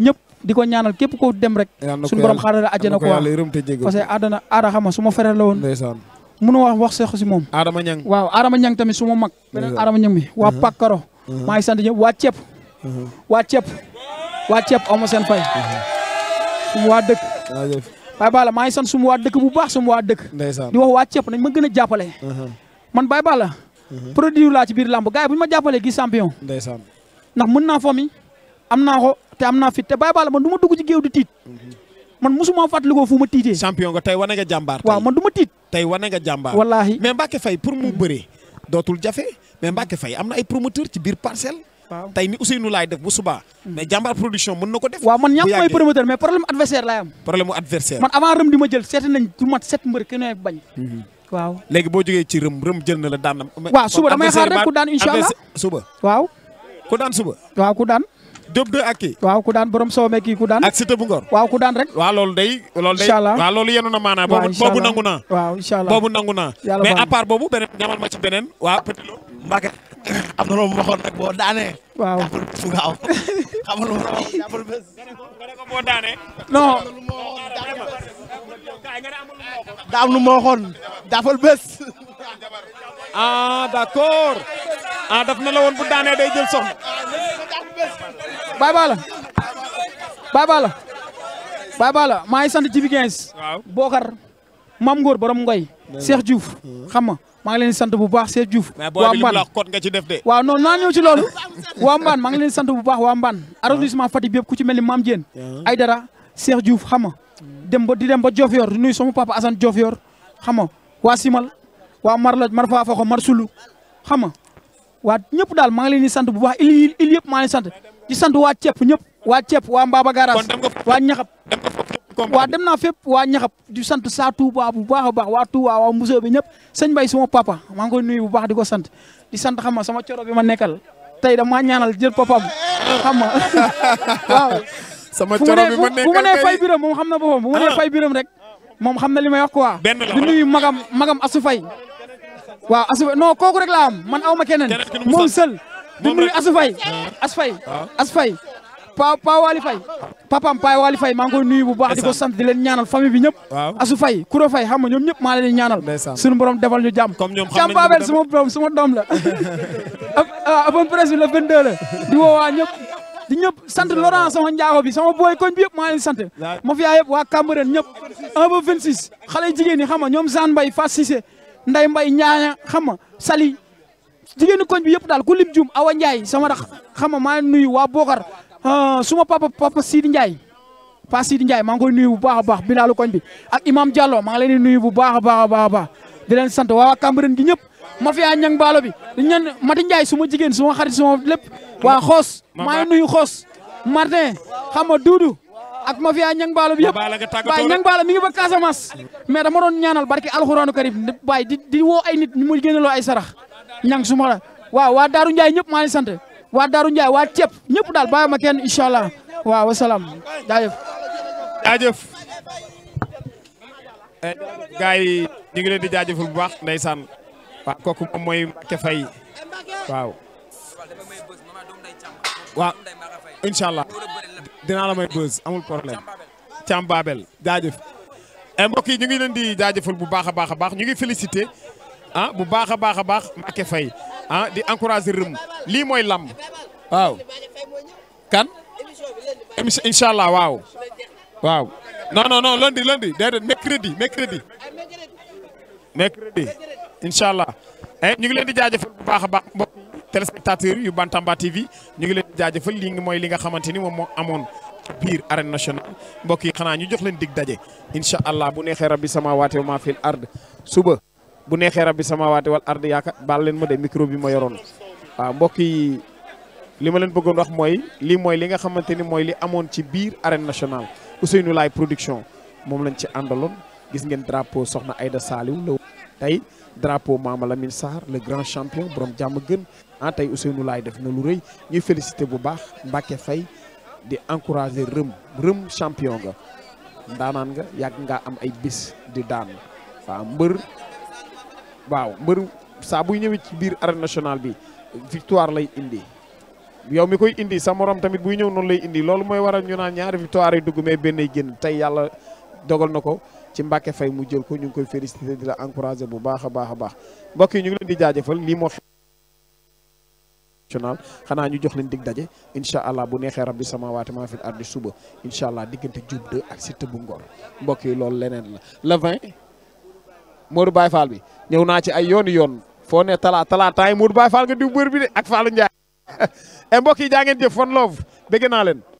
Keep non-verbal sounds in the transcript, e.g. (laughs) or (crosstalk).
ñëpp di ko ñaanal képp ko dem rek suñu borom xaaral àjjana ko wax parce que aadana aada xama su ma frère la woon na wax wax seex si moom Adama Ñang waaw Adama Ñang tamit su ma mag beneen Adama Ñang mi waa uh-huh. Pakaro uh-huh. maa ngi sant ñëpp waa ceeb uh-huh. waa ceeb waa ceeb ma seen fay sumu waa dëkk Baye Balla maa ngi sant sumu waa dëkk bu baax sumu waa dëkk di wax waa ceeb nañ ma gën a jàppale man Baye Balla produit laa ci biir làmb gars yi bu ñu ma jàppalee gi champion ndax mën naa fomi am naa ko te am naa fit te bàyyi baala man du ma dugg ci géew di tiit man musuma fàttalikoo fu ma tiitee. champion nga tey wane ga jàmbaar. waaw man du ma tiit. tey wane nga jàmbaar. wallaahi mais Mbacke Faye pour mu bëree dootul jafe mais Mbacke Faye am na ay promoteur ci biir parcelle. waaw ni ni nu laay def bu subaa. Hmm. mais jàmbaar production mën na ko def. waaw man ñàkk mooy promoteur mais problème adversaire laay am. problème mu adversaire. man avant rëm di ma jël seet nañ du mat set mbër ki ne bañ. Hmm. waaw léegi boo jógee ci rëm rëm jël na la daan na. waaw suba damay xaar rek ku daan incha allah suba. waaw ku daan suba. waaw ku daan. Diop 2 ak kii waaw ku daan borom soome kii ku daan ak Cité bu waaw ku daan rek waaw loolu day loolu day waaw loolu yenu na maanaa boobu nangu naa mais à boobu beneen ñamal ma beneen waaw Petit Lo Mbacke am na loolu waxoon nag boo daanee waaw su gaaw xamal lu non daa am lu ma waxoon jàppal bés ah d'accord ah daf na la bu daanee day jël soxna Baye Balla Baye Balla maa ngi sant Jibi Gens waaw Bokar Mam Ngor borom Ngoy Cheikh Diouf xam nga maa ngi sant bu baax Cheikh Diouf waa Mbane nga ci def de waaw non naa ñëw ci loolu waa Mbane maa ngi leen di sant bu baax waa Mbane arrondissement Fatick yëpp ku ci mel ni Mame ay Aïdara Cheikh Diouf xam nga dem di dem ba Diofior di nuyu sama papa Assane Diofior xam nga waa Simal waa Marloj Mar Fafaxo Mar Sulu xam nga waa ñëpp daal maa ngi leen di sant bu baax il yëpp maa ngi sant di sant waa ceeb ñëpp waa ceeb waa Mbaba Garage waa ñaxab waa dem naa fépp waa ñaxab di sant saa Touba bu baax a baax waa Touba waa Moussa bi ñëpp sëñ Bay suma papa maa ngi koy bu baax di ko sant di sant xam nga sama coro bi ma nekkal tey dama ñaanal jël papam xam nga (laughs) sama coro bi ma nekkal fay biram moom xam na boppam bu ma nee ah. fay biram moom xam na li may wax quoi di nuyu magam magam asu fay waaw Asou noo kooku rek laa am man aw ma keneen. moom sël di nuyu Asou Faye ah. Asou Faye ah. Asou Faye Pa Pa Waly Faye papaam Pa Waly bu baax di ko sant di leen ñaanal famille bi ñëpp. waaw Asou Faye Koura ñoom ñëpp maa leen di ñaanal. suñu borom defal ñu jàmm. comme ñoom xam nañ sama doom sama doom la. (laughs) ab ab ah, presse bi la 22 la di woowaa ñëpp. di ñëpp sant Laurent sama njaago bi sama booy koñ bi yëpp maa leen sant ma fi yaay yëpp waa Cambérène ñëpp 1 ba 26 xale jigéen ñi xam nga ñoom Zane Mbaye Fass Cissé nday mbay ñaaña xam nga sali jigéenu koñ bi yépp daal ku lim jum Awa njaay sama rax xam nga maa nuyu waa Bokar ah, suma papa papa Sidi Ndiaye pa Sidi Ndiaye maa koy nuyu bu baax a baax bilaalu koñ bi ak imam Diallo maa ngi leen di nuyu bu baax a baax a baax a baax di leen sant waa Cambérène gi ñëpp ma fiyaa ñang baalo bi ñan Mati Ndiaye suma jigéen suma xarit suma lépp waa xoos maa ngi nuyu xoos Martin xam nga Duudu ak mafia ñang baalo bi yëpp baay ñang baalo mi ngi ba Casamance mais dama doon ñaanal barke alxuraanu karim baay di di woo ay nit ñu muy génneloo ay sarax ñang su ma la waaw waa Daaru Ndiaye ñëpp maa ngi sant waa Daaru Ndiaye waa ceeb ñëpp daal bàyyi ma kenn incha allah waaw wasalaam jaajëf jaajëf eh, gars yi ngi leen di jaajëfal bu baax ndeysaan waaw kooku allah dinaa la may buzz amul problème Thiam Babel jaajëf eh, mbokk yi ñu ngi leen di jaajëfal bu baax a baax a baax ñu ngi félicité ah bu baax a baax a baax Mbacke Faye ah di encouragé rëm lii mooy lamb waaw kan incha allah waaw waaw non non non lundi lundi déedéet mercredi mercredi mercredi incha allah eh, ñu ngi leen di jaajëfal bu baax a baax téléspectateurs yu Bantamba TV ñu ngi leen di jaajëfal lii mooy li nga xamante moom moo amoon biir arène nationale mbokk yi xanaa ñu jox leen dig daje incha allah bu neexee rabbi sama waate wa maa fil ard suba bu neexee rabbi sama waate wal ard yaaka baal leen ma de micro bi ma yoroon waa mbokk yi li ma leen bëggoon wax mooy lii mooy li nga xamante ni mooy li amoon ci biir arène nationale Ousseynou Laye production moom lañ ci àndaloon gis ngeen drapeau soxna Aïda Saliou la tey drapeau Mama Lamine Sarr le grand champion borom jàmm gën ah tey Ousseynou Laay def na lu rëy ñuy félicité bu baax Mbacke fay di encourager rëm rëm champion nga ndaanaan nga yàgg ngaa am ay bis di daan waaw mbër waaw mbër saa buy ñëwee ci biir arène national bi victoire lay indi yow mi koy indi sa morom tamit buy ñëw noonu lay indi loolu mooy waral ñu naan ñaari victoire yi dugg mais benn génn tey yàlla dogal na ko ci Mbacke fay mu jël ko ñu ngi koy félicité di la encourager bu baax a baax a baax mbokk yi ñu ngi leen national xanaa ñu jox leen dig daje incha allah bu neexee rabbi samawaati maa fi ardi suba incha allah diggante jub 2 ak Siteu bu Ngor mbokk yi loolu leneen la le 20 Modou Baye Fall bi ñëw naa ci ay yooni yoon foo ne talaa talaata yi Modou nga diw bër bi de ak Fallou Ndiaye (laughs) e mbokk yi jaa ngeen jëf fan loof bëgg naa leen